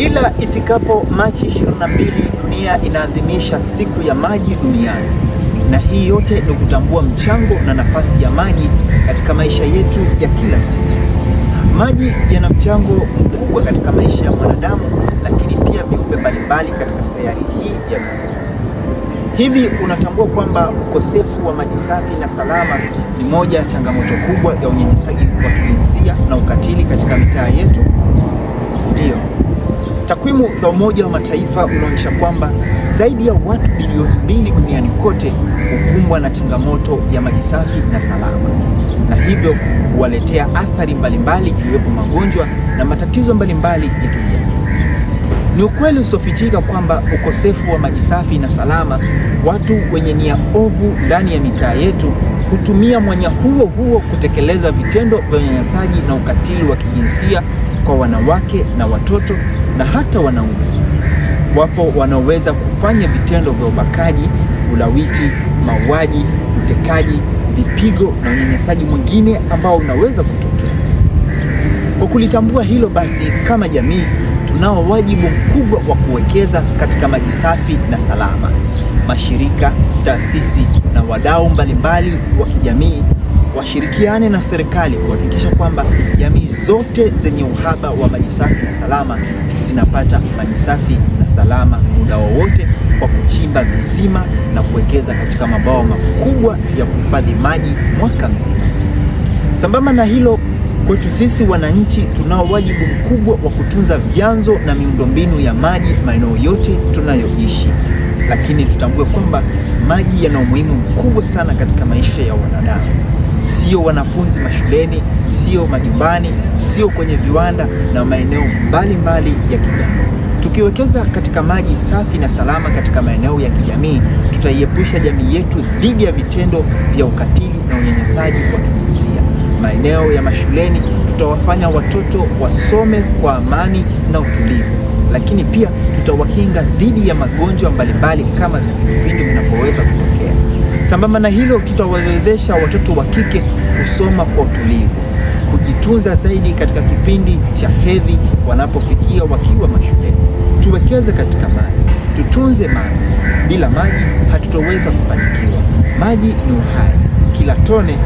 Kila ifikapo Machi 22 dunia inaadhimisha siku ya maji duniani, na hii yote ni kutambua mchango na nafasi ya maji katika maisha yetu ya kila siku. Maji yana mchango mkubwa katika maisha ya mwanadamu, lakini pia viumbe mbalimbali katika sayari hii ya dunia. Hivi unatambua kwamba ukosefu wa maji safi na salama ni moja ya changamoto kubwa ya unyanyasaji wa kijinsia na ukatili katika mitaa yetu? Takwimu za Umoja wa Mataifa unaonyesha kwamba zaidi ya watu bilioni mbili duniani kote hukumbwa na changamoto ya maji safi na salama, na hivyo huwaletea athari mbalimbali ikiwepo magonjwa na matatizo mbalimbali ya kijamii. Ni ukweli usiofichika kwamba ukosefu wa maji safi na salama, watu wenye nia ovu ndani ya mitaa yetu hutumia mwanya huo huo kutekeleza vitendo vya unyanyasaji na ukatili wa kijinsia kwa wanawake na watoto na hata wanaume. Wapo wanaoweza kufanya vitendo vya ubakaji, ulawiti, mauaji, utekaji, vipigo na unyanyasaji mwingine ambao unaweza kutokea. Kwa kulitambua hilo basi, kama jamii unao wajibu mkubwa wa kuwekeza katika maji safi na salama. Mashirika, taasisi na wadau mbalimbali wa kijamii washirikiane na serikali kuhakikisha kwamba jamii zote zenye uhaba wa maji safi na salama zinapata maji safi na salama muda wowote kwa kuchimba visima na kuwekeza katika mabwawa makubwa ya kuhifadhi maji mwaka mzima. Sambamba na hilo Kwetu sisi wananchi, tunao wajibu mkubwa wa kutunza vyanzo na miundombinu ya maji maeneo yote tunayoishi, lakini tutambue kwamba maji yana umuhimu mkubwa sana katika maisha ya wanadamu. Sio wanafunzi mashuleni, sio majumbani, sio kwenye viwanda na maeneo mbalimbali ya kijamii. Tukiwekeza katika maji safi na salama katika maeneo ya kijamii, tutaiepusha jamii yetu dhidi ya vitendo vya ukatili na unyanyasaji wa kijinsia maeneo ya mashuleni, tutawafanya watoto wasome kwa amani na utulivu, lakini pia tutawakinga dhidi ya magonjwa mbalimbali kama vipindi vinapoweza kutokea. Sambamba na hilo, tutawawezesha watoto wa kike kusoma kwa utulivu, kujitunza zaidi katika kipindi cha hedhi wanapofikia wakiwa mashuleni. Tuwekeze katika maji, tutunze maji. Bila maji hatutoweza kufanikiwa. Maji ni uhai, kila tone